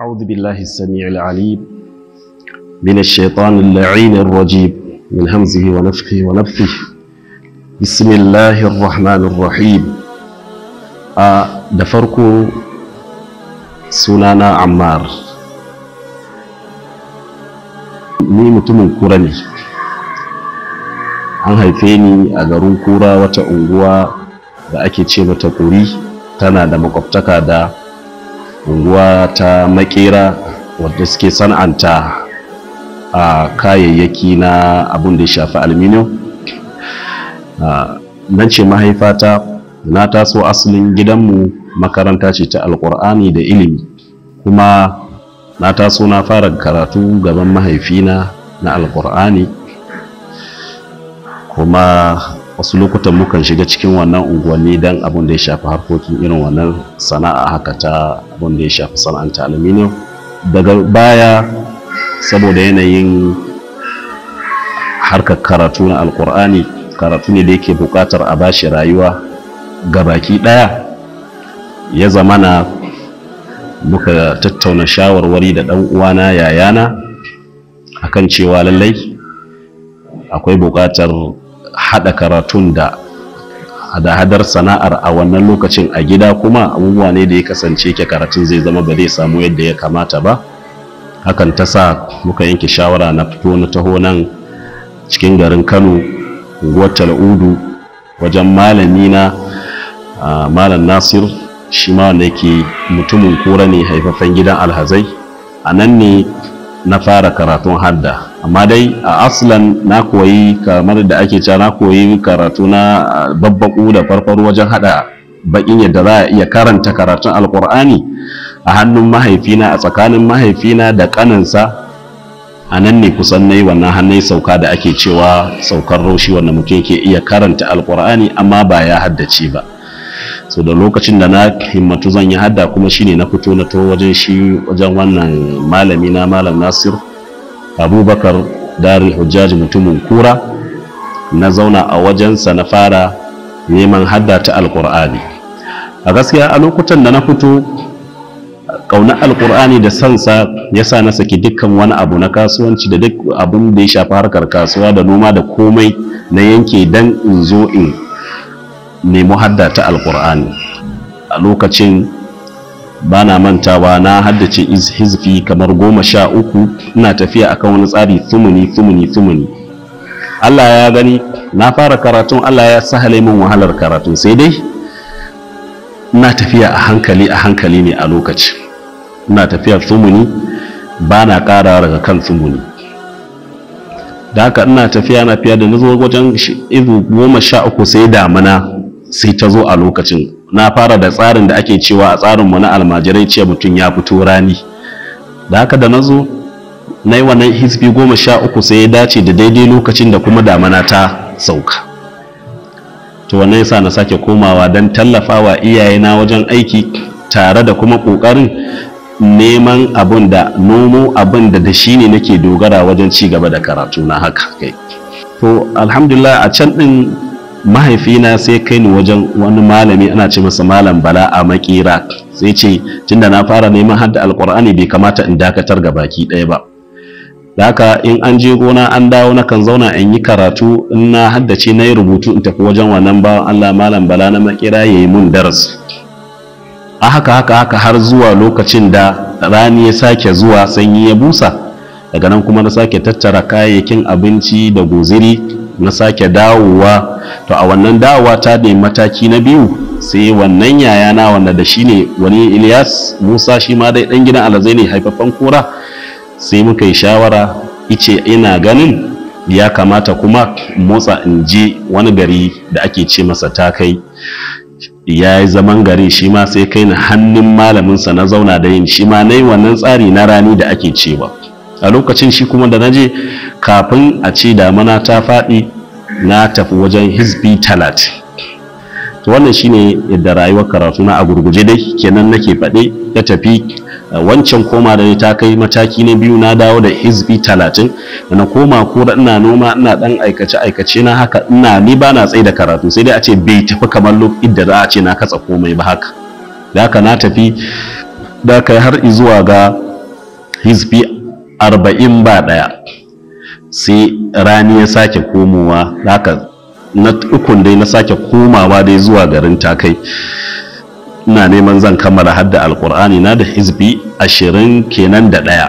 أعوذ بالله السميع العليم من الشيطان اللعين الرجيم من همزه ونفخه ونفخه بسم الله الرحمن الرحيم da سنانا عمار ni mutumin kura ne an haife ni a garin kura wata unguwa da ake ce mata kuri tana da makwabtaka da unguwa ta makera wadda suke sana'anta a kayayyaki na abin da ya shafi aluminium nan ce mahaifata na taso asalin gidanmu makaranta ce ta alkur'ani da ilimi kuma na taso na fara karatu gaban mahaifina na alkur'ani kuma wasu lokutan mukan shiga cikin wannan unguwanni don abin da ya shafi harkokin irin wannan sana'a haka ta abin da ya shafi sana'anta aluminium daga baya saboda yanayin harkar karatu na alkur'ani karatu ne da yake buƙatar a bashi rayuwa ga baki ɗaya ya zamana muka tattauna shawarwari da ɗan uwana yayana akan cewa lallai akwai buƙatar haɗa karatun da hada-hadar sana'ar a wannan lokacin a gida kuma abubuwa ne da ya kasance ke karatun zai zama ba zai samu yadda ya kamata ba hakan ta sa muka yanke shawara na fito na taho nan cikin garin kano wata udu wajen malami na malam nasir shi ma wanda yake mutumin kura ne haifafen gidan alhazai a nan ne na fara karatun hadda amma dai a aslan na koyi kamar da ake cewa na koyi karatu na babbaku da farfaru wajen hada bakin yadda za a iya karanta karatun alkur'ani a hannun mahaifina a tsakanin mahaifina da kaninsa a nan ne kusan na yi wannan hannun sauka da ake cewa saukar raushi, wanda mutum yake iya karanta alkur'ani amma ba ya haddace ba so da lokacin da na himmatu zan yi hadda kuma shine na fito na to wajen shi wajen wannan malami na malam nasir abubakar dari hujjaji mutumin kura na zauna a wajensa na fara neman hadda ta alkur'ani a gaskiya a lokutan da na fito ƙaunar alkur'ani da sansa ya sa na saki dukkan wani abu na kasuwanci da duk abin da ya shafi harkar kasuwa da noma da komai na yanke dan in zo in nemo hadda ta alkur'ani a lokacin ba na mantawa na haddace hizfi kamar goma sha uku ina tafiya akan wani tsari thumuni thumuni thumuni Allah ya gani na fara karatun Allah ya sahale min wahalar karatun sai dai ina tafiya a hankali a hankali ne a lokaci ina tafiya thumuni ba na ƙara daga kan thumuni da haka ina tafiya na fiya da na zo wajen izu goma sha uku sai damina sai ta zo a lokacin na fara da tsarin da ake cewa a tsarinmu na almajirai ce mutum ya fito rani da haka da na zo na yi wannan hisbi goma sha uku sai ya dace da daidai lokacin da kuma damana ta sauka to wannan yasa na sake komawa don tallafawa iyayena wajen aiki tare da kuma ƙoƙarin neman abin da nomo abin da da shi ne nake dogara wajen ci gaba da karatu na haka kai to alhamdulillah a can ɗin mahaifina sai kai ni wajen wani malami ana ce masa malam bala a makira sai ce tunda na fara neman hadda alkur'ani bai kamata in dakatar ga baki ɗaya ba da haka in an je gona an dawo na kan zauna in yi karatu in na haddace na yi rubutu in tafi wajen wannan bawan allah malam bala na makira ya yi mun darasi a haka haka haka har zuwa lokacin da rani ya sake zuwa sanyi ya busa daga nan kuma na sake tattara kayayyakin abinci da guziri na sake dawowa to a wannan dawowa ta ne mataki na biyu sai wannan yayana wanda da shi ne wani ilyas musa shi ma dai dan gidan alazai ne haifafen kura sai muka yi shawara ice ina ganin ya kamata kuma motsa in je wani gari da ake ce masa ta kai ya yi zaman gari shi ma sai kai na hannun malaminsa na zauna da yin shi ma na yi wannan tsari na rani da ake cewa a lokacin shi kuma da na je kafin a ce damana ta faɗi na tafi wajen hizbi talatin to wannan shine yadda rayuwar karatu na a gurguje dai kenan nake faɗe ya tafi wancan koma da ta kai mataki na biyu na dawo da hizbi talatin da na koma da ina noma ina dan aikace aikace na haka ina ni ba na tsaye da karatu sai dai a ce bai tafi kamar lokacin da za a ce na katsa komai ba haka da haka na tafi da kai har zuwa ga hizbi arba'in ba ɗaya sai rani ya sake komowa haka na ukun dai na sake komawa dai zuwa garin takai ina neman zan kammala hadda alkur'ani na da hizbi ashirin kenan da ɗaya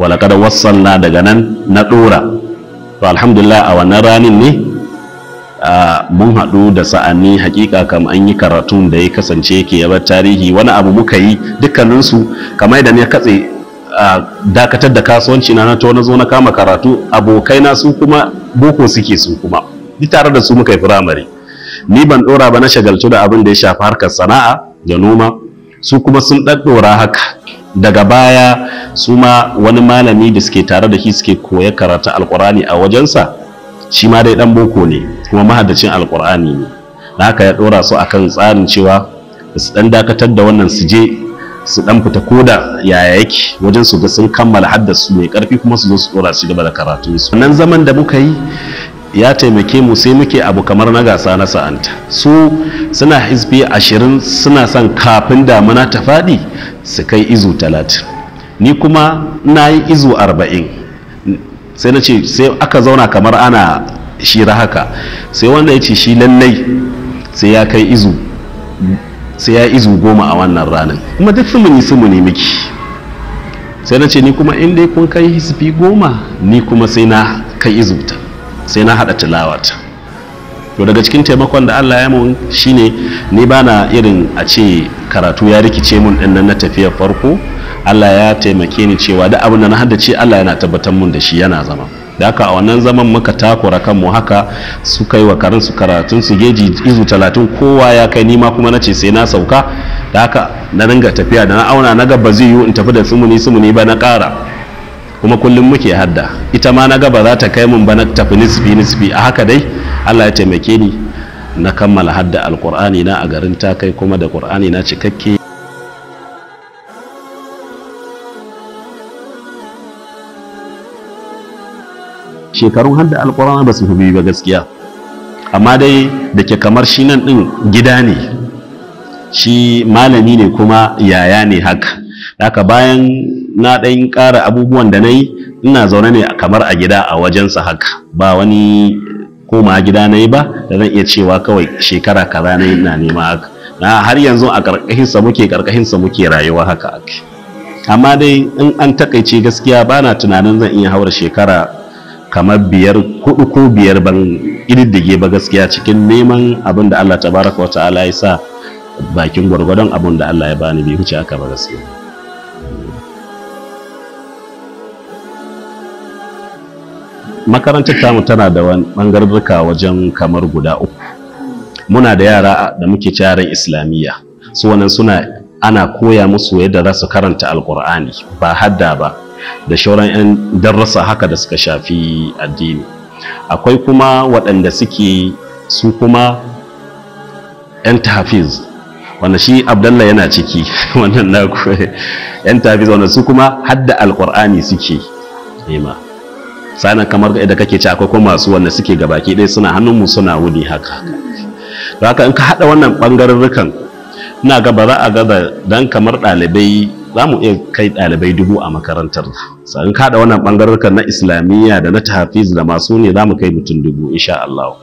walakad wassalna daga nan na ɗora to alhamdulillah a wannan ranin ne mun haɗu da sa'ani. hakika kam an yi karatun da ya kasance ke yabar tarihi wani abu muka yi dukkaninsu kamar da ne katse dakatar da kasuwanci na na na zo na kama karatu abokaina su kuma boko suke su kuma ni tare da su muka yi firamare ni ban dora ba na shagaltu da abin da ya shafi harkar sana'a da noma su kuma sun dora haka daga baya su ma wani malami da suke tare da shi suke koya karatu alkurani a wajensa shi ma dai dan boko ne kuma mahaddacin alkurani ne haka ya ɗora su akan tsarin cewa su ɗan dakatar da wannan su je su dan fita koda yaya yake wajen su ga sun kammala haddasu su mai karfi kuma su zo su dora su gaba da karatu su nan zaman da muka yi ya taimake mu sai muke abu kamar na gasa na sa'anta su suna hisbi ashirin suna son kafin damuna ta faɗi su kai izu talatin ni kuma na yi izu arba'in sai na ce sai aka zauna kamar ana shira haka sai wanda ya ce shi lallai sai ya kai izu sai ya izu goma a wannan ranar kuma duk sumuni sumuni miki sai na ce ni kuma in dai kun kai hisfi goma ni kuma sai na kai izuta sai na haɗa tilawata to daga cikin taimakon da Allah ya mun shine ni bana irin a ce karatu ya rikice mun din nan na tafiya farko Allah ya taimake ni cewa da abin da na haddace Allah yana tabbatar mun da shi yana zama da haka a wannan zaman muka takura kanmu haka su kai wa karin su karatun su geji izu talatin kowa ya kai nima kuma na ce sai na sauka da haka na ringa tafiya da na auna na gaba zai yiwu in tafi da sumuni sumuni ba na ƙara kuma kullum muke hadda ita ma na gaba za ta kai mun ba na tafi nisfi nisfi a haka dai allah ya taimake ni na kammala hadda alkur'ani na a garin ta kai kuma da ƙur'ani na cikakke shekarun da alkur'ani ba su fi ba gaskiya amma dai da ke kamar shi nan ɗin gida ne shi malami ne kuma yaya ne haka haka bayan na ɗan ƙara abubuwan da na yi ina zaune ne kamar a gida a wajensa haka ba wani koma gida na yi ba da zan iya cewa kawai shekara kaza na na nema haka na har yanzu a ƙarƙashinsa muke ƙarƙashinsa muke rayuwa haka amma dai in an taƙaice gaskiya ba na tunanin zan iya haura shekara kamar biyar hudu ko biyar ban ƙididdige ba gaskiya cikin neman abin da Allah tabaraka wa ta'ala ya sa bakin gwargwadon abin da Allah ya bani bai wuce aka ba gaskiya makarantar tamu tana da bangarurruka wajen kamar guda uku muna da yara da muke tarin islamiyya su wannan suna ana koya musu yadda za su karanta alkur'ani ba hadda ba da shauran 'yan darasa haka da suka shafi addini akwai kuma waɗanda suke su kuma 'yan tafiz wanda shi abdallah yana ciki wannan na yan tafiz wanda su kuma hadda alkur'ani suke nema eh sanan kamar da kake ci akwai kuma masu wanda suke gabaki ɗaya suna hannunmu suna wuni haka haka in ka haɗa wannan ɓangarurrukan ina ga ba za a gaba dan kamar ɗalibai za mu iya kai ɗalibai dubu a makarantar ka kada wannan ɓangarurkan na islamiyya da na tafiz da masu ne za mu kai mutum dubu insha Allah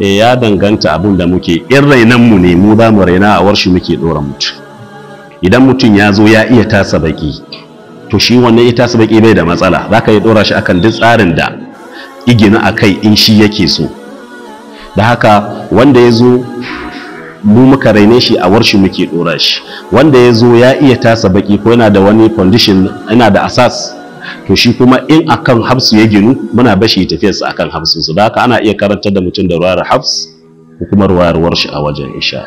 e ya danganta abin da muke in rainan mu ne mu za mu raina a warshi muke ɗora mutum idan mutum ya zo ya iya tasa baki to shi wannan ya tasa baki bai da matsala za ka yi ɗora shi akan duk tsarin da igina a kai in shi yake so da haka wanda ya zo mu muka raine shi a warshi muke dora shi wanda ya zo ya iya tasa baki ko yana da wani condition yana da asas to shi kuma in akan habsu ya ginu muna bashi tafiyarsa akan habsu su haka ana iya karantar da mutum da ruwayar habs ko kuma ruwayar warshi a wajen insha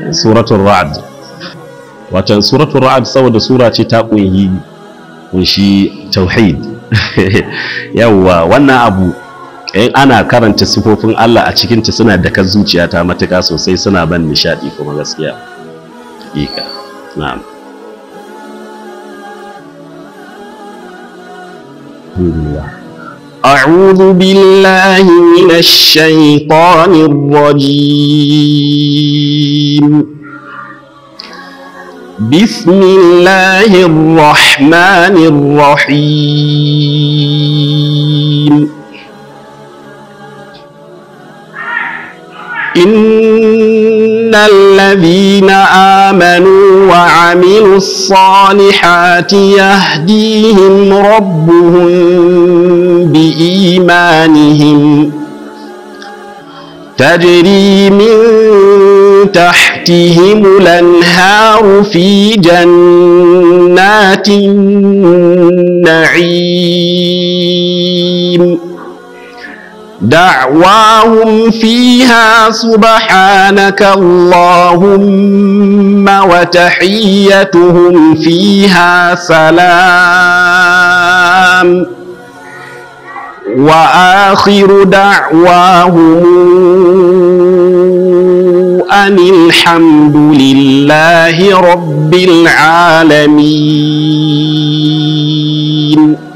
Allah suratul ra'd wato suratul ra'd saboda sura ce ta kunshi tauhid yawwa wannan abu in ana karanta sifofin Allah a cikinta suna da kan zuciya ta matuƙa sosai suna ban nishaɗi kuma gaskiya hakika na'am أعوذ بالله من الشيطان الرجيم بسم الله الرحمن الرحيم إن الذين آمنوا وعملوا الصالحات يهديهم ربهم بإيمانهم تجري من تحتهم الأنهار في جنات النعيم دعواهم فيها سبحانك اللهم وتحيتهم فيها سلام وآخر دعواهم أن الحمد لله رب العالمين